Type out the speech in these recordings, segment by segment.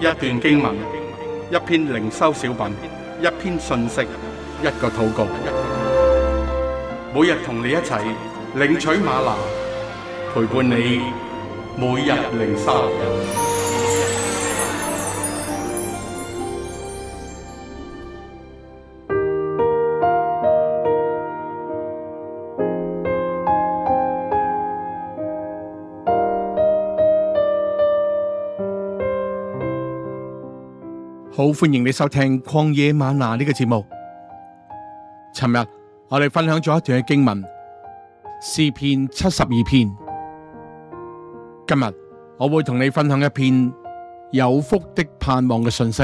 一段經文，一篇靈修小品，一篇信息，一個禱告。每日同你一齊領取嗎哪，陪伴你每日靈修。好歡迎你收聽曠野嗎哪呢個節目。尋日我哋分享咗一段嘅經文，詩篇七十二篇。今日我會同你分享一篇有福的盼望嘅信息。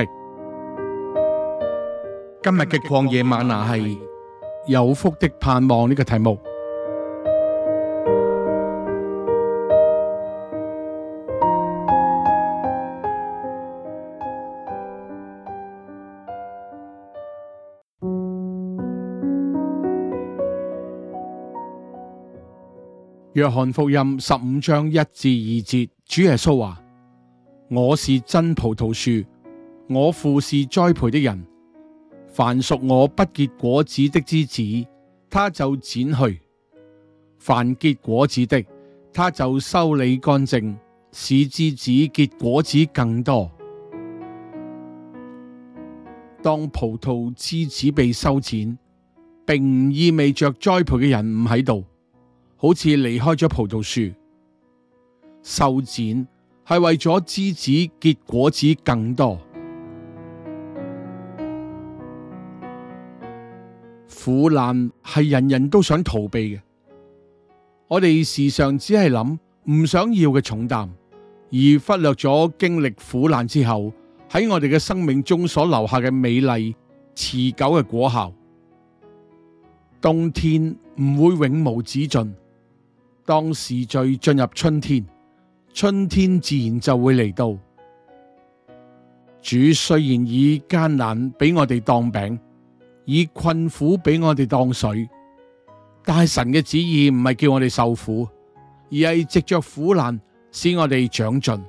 今日嘅曠野嗎哪係有福的盼望呢個題目。約翰福音十五章一至二節，主耶穌話：我是真葡萄樹，我父是栽培的人。凡屬我不結果子的枝子，他就剪去；凡結果子的，他就修理乾淨，使枝子結果子更多。當葡萄枝子被修剪，並唔意味着栽培嘅人唔喺度。好似離開咗葡萄樹，修剪係為咗枝子結果子更多。苦難係人人都想逃避嘅，我哋時常只係諗唔想要嘅重擔，而忽略咗經歷苦難之後喺我哋嘅生命中所留下嘅美麗持久嘅果效。冬天唔會永無止盡。當時序進入春天，春天自然就會嚟到。主雖然以艱難俾我哋當餅，以困苦俾我哋當水，但係神嘅旨意唔係叫我哋受苦，而係藉着苦難使我哋長進，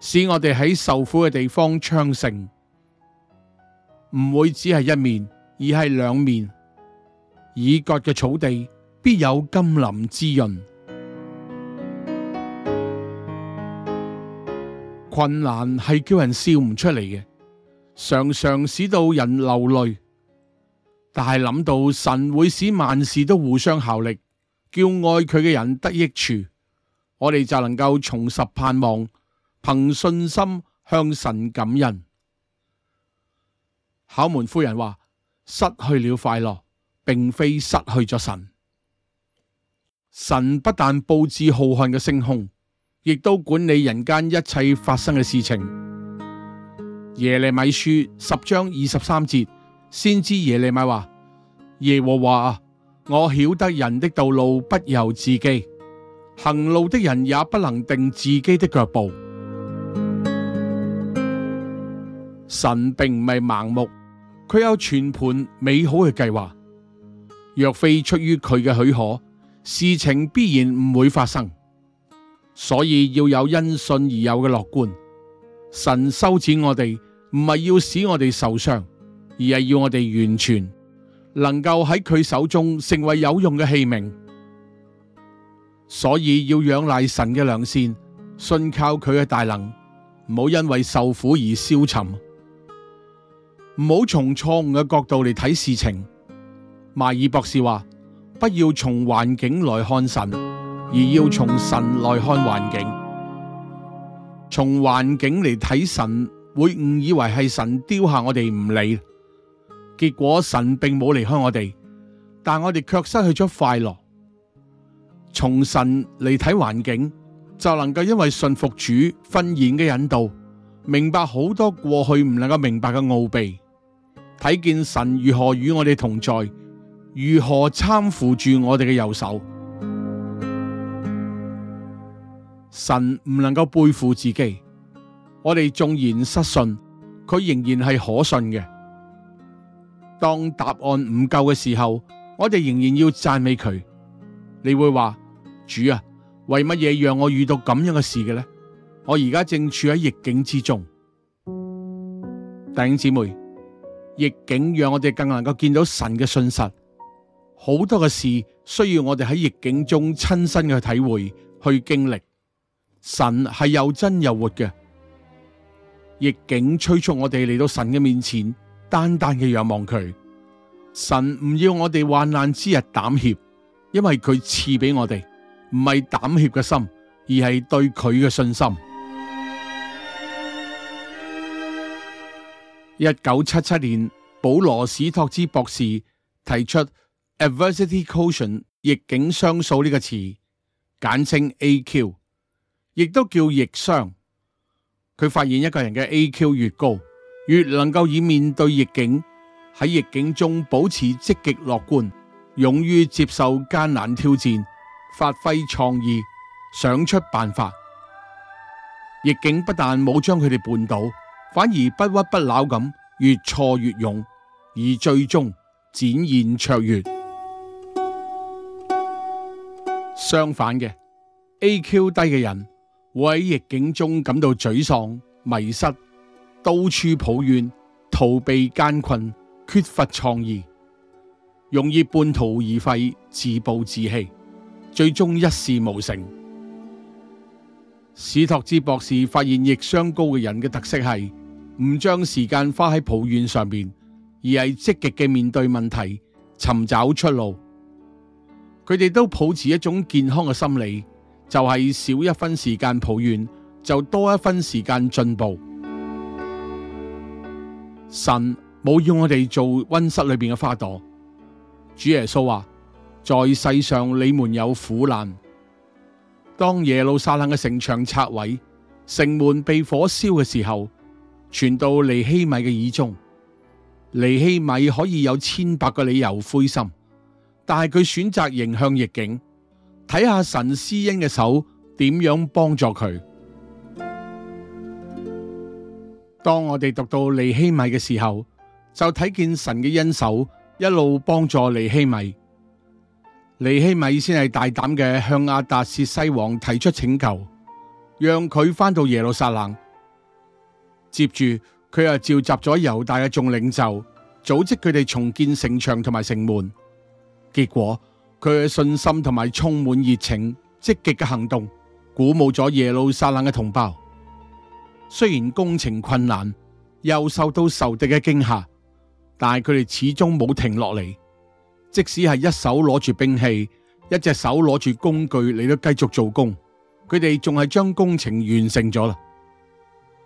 使我哋喺受苦嘅地方昌盛，唔會只係一面，而係兩面。已割嘅草地必有甘霖滋潤。困難係叫人笑唔出嚟嘅，常常使到人流淚。但係諗到神會使萬事都互相效力，叫愛佢嘅人得益處，我哋就能夠重拾盼望，憑信心向神感恩。考門夫人話：失去了快樂，並非失去咗神。神不但布置浩瀚嘅星空。亦都管理人間一切發生嘅事情。耶利米書十章二十三節，先知耶利米話：耶和華啊，我曉得人的道路不由自己，行路的人也不能定自己的腳步。神並唔係盲目，佢有全盤美好嘅計劃。若非出於佢嘅許可，事情必然唔會發生。所以要有因信而有嘅樂觀，神修剪我哋，唔係要使我哋受傷，而係要我哋完全能夠喺佢手中成為有用嘅器皿。所以要仰賴神嘅良善，信靠佢嘅大能，唔好因為受苦而消沉，唔好從錯誤嘅角度嚟睇事情。邁爾博士話：「不要從環境來看神。而要從神來看環境，從環境嚟睇神，會誤以為係神丟下我哋唔理，結果神並冇離開我哋，但我哋卻失去咗快樂。從神嚟睇環境，就能夠因為信服主分顯嘅引導，明白好多過去唔能夠明白嘅奧秘，睇見神如何與我哋同在，如何攙扶住我哋嘅右手。神唔能夠背負自己，我哋縱然失信，佢仍然係可信嘅。當答案唔夠嘅時候，我哋仍然要讚美佢。你會話主啊，為乜嘢讓我遇到咁樣嘅事嘅呢？我而家正處喺逆境之中，弟兄姊妹，逆境讓我哋更能夠見到神嘅信實。好多嘅事需要我哋喺逆境中親身去體會、去經歷。神係又真又活嘅。逆境催促我哋嚟到神嘅面前，單單嘅仰望佢。神唔要我哋患難之日膽怯，因為佢賜俾我哋唔係膽怯嘅心，而係對佢嘅信心。一九七七年，保羅史托茲博士提出 “Adversity Quotient” 逆境商數呢個詞，簡稱 A.Q. 亦都叫逆商，佢發現一個人嘅 AQ 越高，越能夠以面對逆境，喺逆境中保持積極樂觀，勇於接受艱難挑戰，發揮創意，想出辦法。逆境不但冇將佢哋絆倒，反而不屈不撓咁越挫越勇，而最終展現卓越。相反嘅，AQ 低嘅人，會喺逆境中感到沮喪、迷失，到處抱怨、逃避艱困、缺乏創意，容易半途而廢、自暴自棄，最終一事無成。史托茲博士發現逆商高嘅人嘅特色係唔將時間花喺抱怨上面，而係積極嘅面對問題、尋找出路。佢哋都抱持一種健康嘅心理。就係、是、少一分時間抱怨，就多一分時間進步。神冇要我哋做温室裏邊嘅花朵。主耶穌話：在世上你們有苦難。當耶路撒冷嘅城牆拆毀，城門被火燒嘅時候，傳到尼希米嘅耳中。尼希米可以有千百個理由灰心，但係佢選擇迎向逆境。睇下神施恩嘅手點樣幫助佢。當我哋讀到尼希米嘅時候，就睇見神嘅恩手一路幫助尼希米，尼希米先係大膽嘅向亞達薛西王提出請求，讓佢返到耶路撒冷。接住佢又召集咗猶大嘅眾領袖，組織佢哋重建城牆同埋城門。結果。佢嘅信心同埋充滿熱情、積極嘅行動，鼓舞咗耶路撒冷嘅同胞。雖然工程困難，又受到仇敵嘅驚嚇，但係佢哋始終冇停落嚟。即使係一手攞住兵器，一隻手攞住工具，你都繼續做工。佢哋仲係將工程完成咗啦。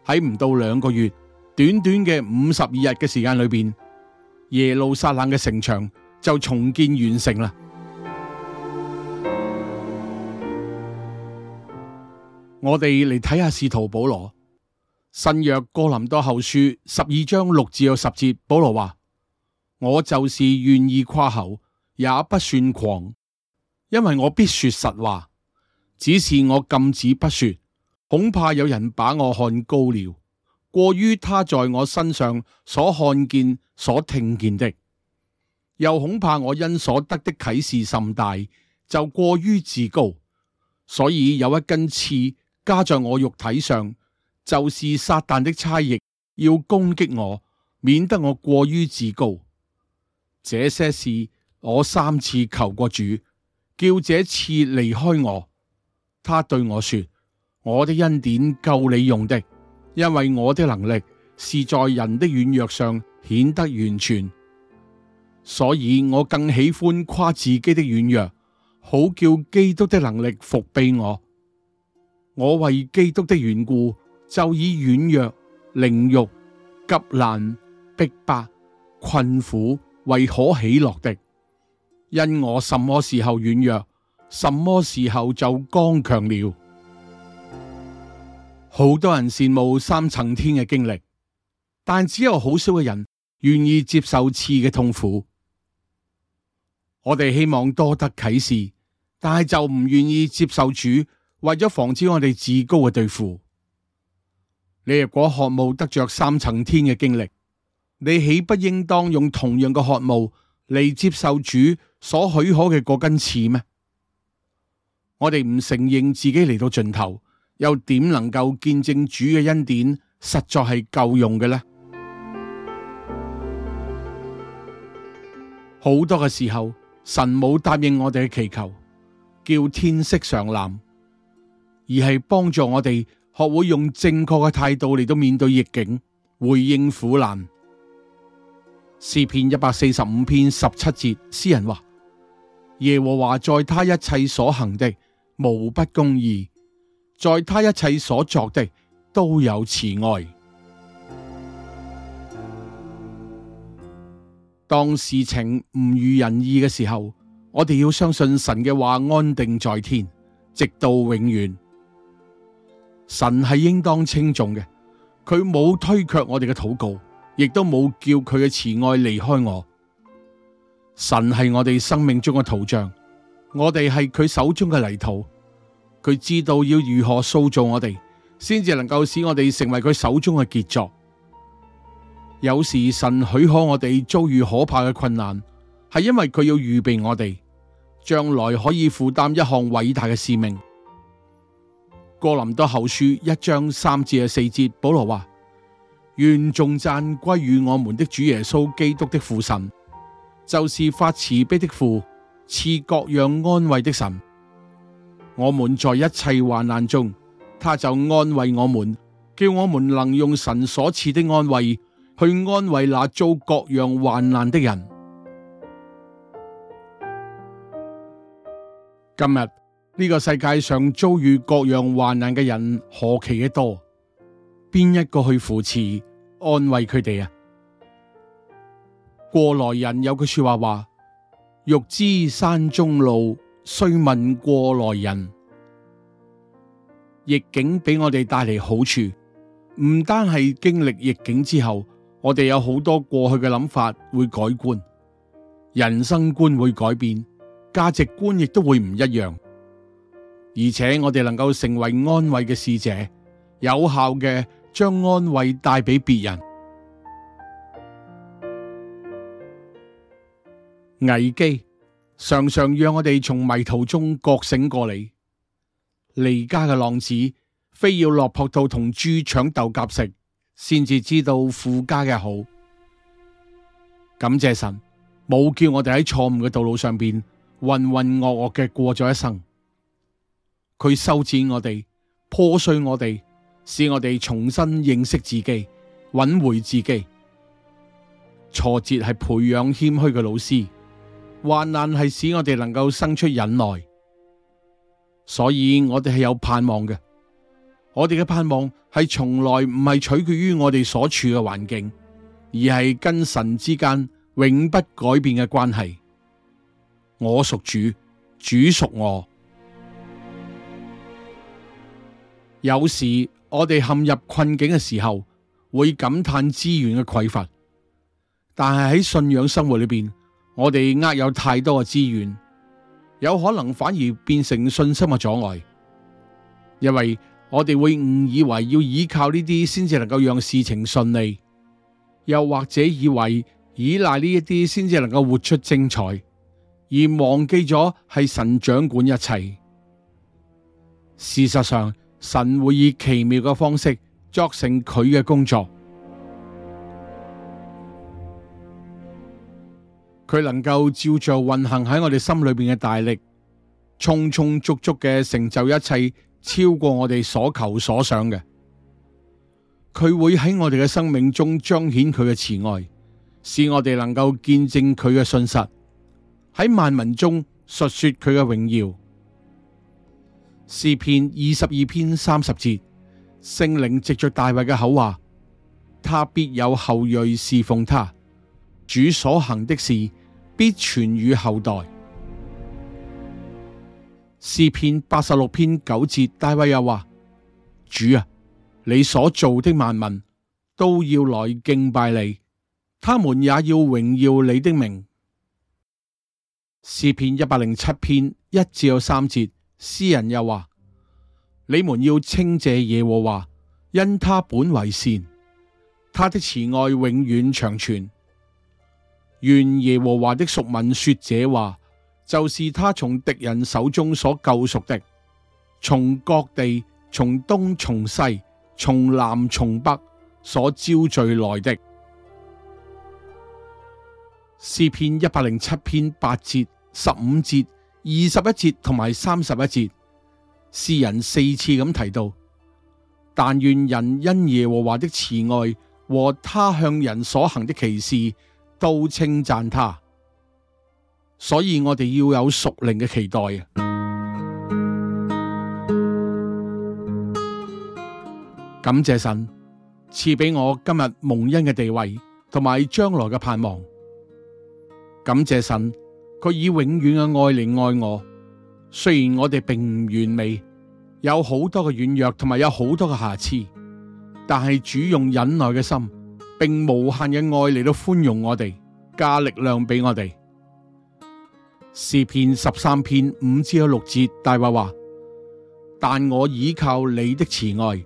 喺唔到兩個月，短短嘅五十二日嘅時間裏邊，耶路撒冷嘅城牆就重建完成啦。我哋嚟睇下使徒保羅，新約哥林多後書十二章六至十節，保羅話：我就是願意誇口，也不算狂，因為我必說實話，只是我禁止不說，恐怕有人把我看高了，過於他在我身上所看見、所聽見的，又恐怕我因所得的啟示甚大，就過於自高，所以有一根刺。加在我肉體上，就是撒旦的差役要攻擊我，免得我過於自高。這些事我三次求過主，叫這次離開我。他對我說：我的恩典夠你用的，因為我的能力是在人的軟弱上顯得完全。所以我更喜歡誇自己的軟弱，好叫基督的能力覆庇我。我為基督的緣故，就以軟弱、凌辱、急難、逼迫、困苦為可喜樂的，因我什麼時候軟弱，什麼時候就剛強了。好多人羨慕三層天嘅經歷，但只有好少嘅人願意接受刺嘅痛苦。我哋希望多得啟示，但係就唔願意接受主。為咗防止我哋自高嘅對付，你若果渴慕得着三層天嘅經歷，你豈不應當用同樣嘅渴慕嚟接受主所許可嘅嗰根刺咩？我哋唔承認自己嚟到盡頭，又點能夠見證主嘅恩典實在係夠用嘅呢？好多嘅時候，神冇答應我哋嘅祈求，叫天色常藍。而係幫助我哋學會用正確嘅態度嚟到面對逆境，回應苦難。詩篇一百四十五篇十七節，詩人話：耶和華在他一切所行的無不公義，在他一切所作的都有慈愛。當事情唔如人意嘅時候，我哋要相信神嘅話安定在天，直到永遠。神係應當稱頌嘅，佢冇推卻我哋嘅禱告，亦都冇叫佢嘅慈愛離開我。神係我哋生命中嘅陶匠，我哋係佢手中嘅泥土，佢知道要如何塑造我哋，先至能夠使我哋成為佢手中嘅傑作。有時神許可我哋遭遇可怕嘅困難，係因為佢要預備我哋將來可以負擔一項偉大嘅使命。哥林多後書一章三至四節，保羅話：願頌讚歸於我們的主耶穌基督的父神，就是發慈悲的父，賜各樣安慰的神。我們在一切患難中，他就安慰我們，叫我們能用神所賜的安慰去安慰那遭各樣患難的人。今日。呢、這個世界上遭遇各樣患難嘅人，何其嘅多？邊一個去扶持安慰佢哋啊？過來人有句說話話：欲知山中路，須問過來人。逆境俾我哋帶嚟好處，唔單係經歷逆境之後，我哋有好多過去嘅諗法會改觀，人生觀會改變，價值觀亦都會唔一樣。而且我哋能夠成為安慰嘅使者，有效嘅將安慰帶俾別人。危機常常讓我哋從迷途中覺醒過嚟。離家嘅浪子，非要落魄到同豬搶豆莢食，先至知道父家嘅好。感謝神，冇叫我哋喺錯誤嘅道路上邊渾渾噩噩嘅過咗一生。佢修剪我哋，破碎我哋，使我哋重新認識自己，揾回自己。挫折係培養謙虛嘅老師，患難係使我哋能夠生出忍耐。所以我哋係有盼望嘅。我哋嘅盼望係從來唔係取決於我哋所處嘅環境，而係跟神之間永不改變嘅關係。我屬主，主屬我。有時我哋陷入困境嘅時候，會感嘆資源嘅匱乏。但係喺信仰生活裏邊，我哋握有太多嘅資源，有可能反而變成信心嘅阻礙，因為我哋會誤以為要依靠呢啲先至能夠讓事情順利，又或者以為依賴呢一啲先至能夠活出精彩，而忘記咗係神掌管一切。事實上，神會以奇妙嘅方式作成佢嘅工作，佢能夠照着運行喺我哋心裏面嘅大力，充充足足嘅成就一切，超過我哋所求所想嘅。佢會喺我哋嘅生命中彰顯佢嘅慈愛，使我哋能夠見證佢嘅信實，喺萬民中述說佢嘅榮耀。詩篇二十二篇三十節，聖靈藉着大衛嘅口話：他必有後裔侍奉他，主所行的事必傳與後代。詩篇八十六篇九節，大衛又話：主啊，你所做的萬民都要來敬拜你，他們也要榮耀你的名。詩篇一百零七篇一至有三節。詩人又話，你們要稱謝耶和華，因他本為善，他的慈愛永遠長存。願耶和華的贖民說這話，就是他從敵人手中所救贖的，從各地、從東、從西、從南、從北所招聚來的。詩篇一百零七篇八節十五節。二十一節同埋三十一節，詩人四次咁提到，但願人因耶和華的慈愛和他向人所行的奇事，都稱讚他。所以我哋要有屬靈嘅期待啊！感謝神賜俾我今日蒙恩嘅地位，同埋將來嘅盼望。感謝神。佢以永遠嘅愛嚟愛我，雖然我哋並唔完美，有好多嘅軟弱，同埋有好多嘅瑕疵，但係主用忍耐嘅心，並無限嘅愛嚟到寬容我哋，加力量俾我哋。詩篇十三篇五至六節大話話：但我倚靠你的慈愛，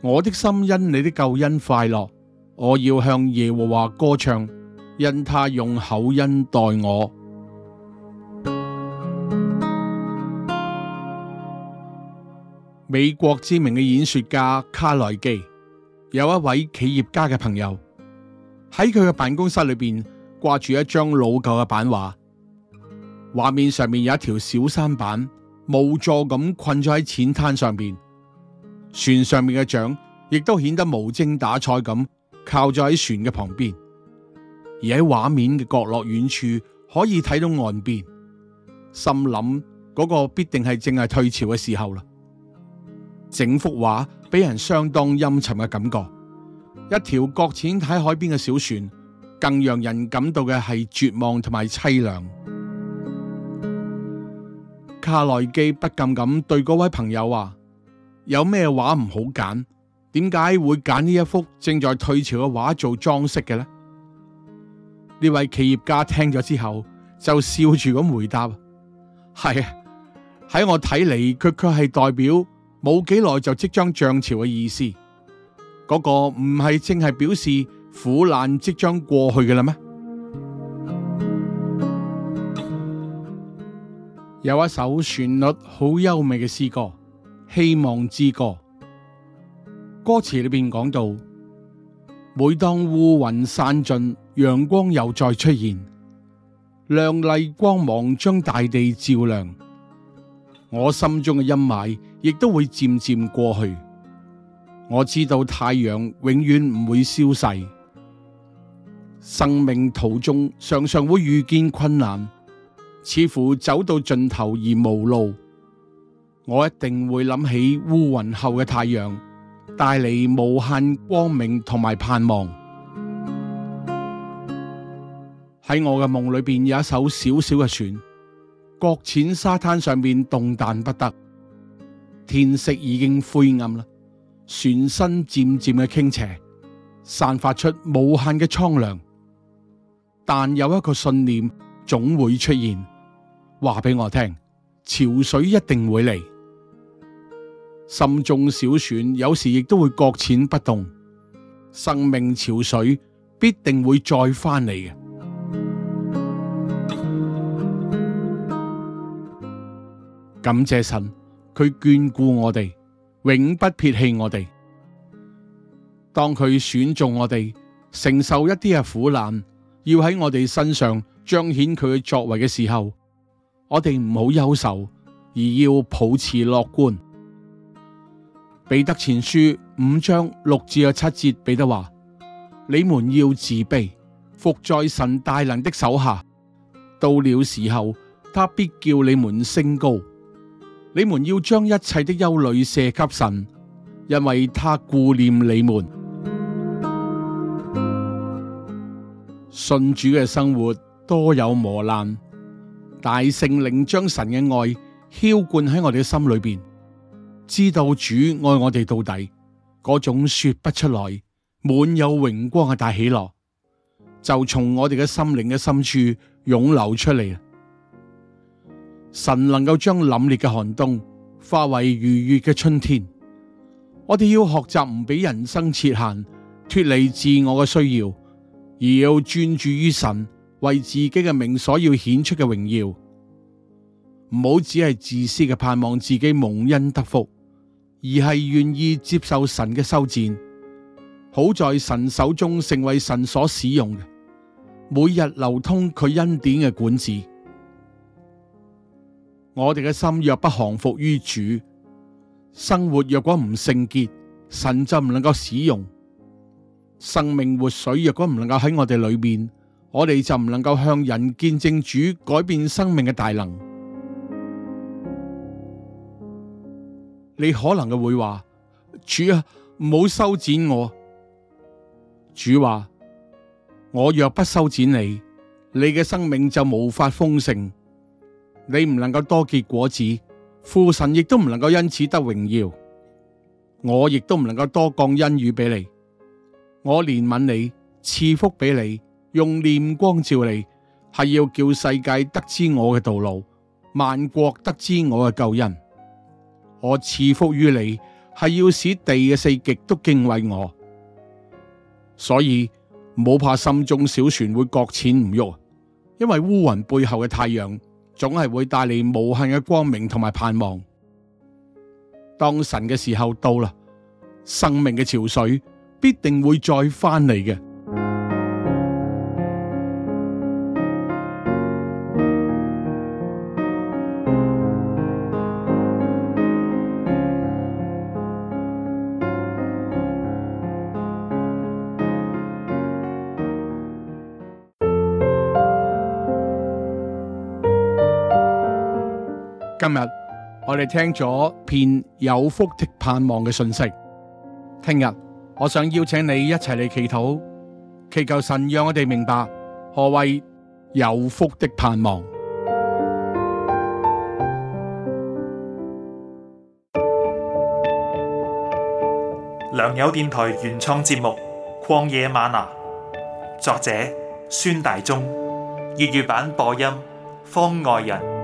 我的心因你的救恩快樂。我要向耶和華歌唱，因他用厚恩待我。美國知名嘅演說家卡內基有一位企業家嘅朋友，喺佢嘅辦公室裏邊掛住一張老舊嘅版畫，畫面上面有一條小舢板無助咁困咗喺淺灘上邊，船上面嘅槳亦都顯得無精打采咁靠咗喺船嘅旁邊，而喺畫面嘅角落遠處可以睇到岸邊，心諗嗰個必定係正係退潮嘅時候啦。整幅畫俾人相當陰沉嘅感覺，一條擱淺喺海邊嘅小船，更讓人感到嘅係絕望同埋淒涼。卡內基不禁咁對嗰位朋友話：「有咩畫唔好揀？點解會揀呢一幅正在退潮嘅畫做裝飾嘅呢？」呢位企業家聽咗之後就笑住咁回答是：「係啊，喺我睇嚟，佢卻係代表，冇幾耐就即將漲潮嘅意思，嗰、那個唔係淨係表示苦難即將過去嘅啦咩？有一首旋律好優美嘅詩歌《希望之歌》，歌詞裏邊講到：每當烏雲散盡，陽光又再出現，亮麗光芒將大地照亮，我心中嘅陰霾亦都會漸漸過去。我知道太陽永遠唔會消逝。生命途中常常會遇見困難，似乎走到盡頭而無路。我一定會諗起烏雲後嘅太陽，帶嚟無限光明同埋盼望。喺我嘅夢裏邊有一艘小小嘅船，擱淺沙灘上面，動彈不得。天色已經灰暗啦，船身漸漸嘅傾斜，散發出無限嘅蒼涼。但有一個信念總會出現，話俾我聽：潮水一定會嚟。心中小船有時亦都會擱淺不動，生命潮水必定會再翻嚟嘅。感謝神。佢眷顧我哋，永不撇棄我哋。當佢選中我哋，承受一啲嘅苦難，要喺我哋身上彰顯佢嘅作為嘅時候，我哋唔好憂愁，而要抱持樂觀。彼得前書五章六至七節，彼得話：你們要自卑，伏在神大能的手下。到了時候，他必叫你們升高。你們要將一切的憂慮卸給神，因為他顧念你們。信主嘅生活多有磨難，大聖靈將神嘅愛澆灌喺我哋嘅心裏邊，知道主愛我哋到底，嗰種說不出來、滿有榮光嘅大喜樂，就從我哋嘅心靈嘅深處湧流出嚟。神能夠將凜冽嘅寒冬化為愉悅嘅春天，我哋要學習唔俾人生設限，脫離自我嘅需要，而要專注於神為自己嘅名所要顯出嘅榮耀。唔好只係自私嘅盼望自己蒙恩得福，而係願意接受神嘅修剪。好在神手中成為神所使用嘅，每日流通佢恩典嘅管子。我哋嘅心若不降服於主，生活若果唔聖潔，神就唔能夠使用。生命活水若果唔能夠喺我哋裏面，我哋就唔能夠向人見證主改變生命嘅大能。你可能嘅會話，主啊，唔好修剪我。主話：我若不修剪你，你嘅生命就無法豐盛。你唔能夠多結果子，父神亦都唔能夠因此得榮耀。我亦都唔能夠多降恩雨俾你。我憐憫你，賜福俾你，用念光照你，係要叫世界得知我嘅道路，萬國得知我嘅救恩。我賜福於你，係要使地嘅四極都敬畏我。所以唔好怕心中小船會擱淺唔喐，因為烏雲背後嘅太陽。總係會帶嚟無限嘅光明同埋盼望。當神嘅時候到啦，生命嘅潮水必定會再翻嚟嘅。我哋聽咗篇有福的盼望嘅信息，聽日我想邀請你一齊嚟祈禱，祈求神讓我哋明白何謂有福的盼望。良友電台原創節目《曠野嗎哪》，作者：孫大中，粵語版播音：方外人。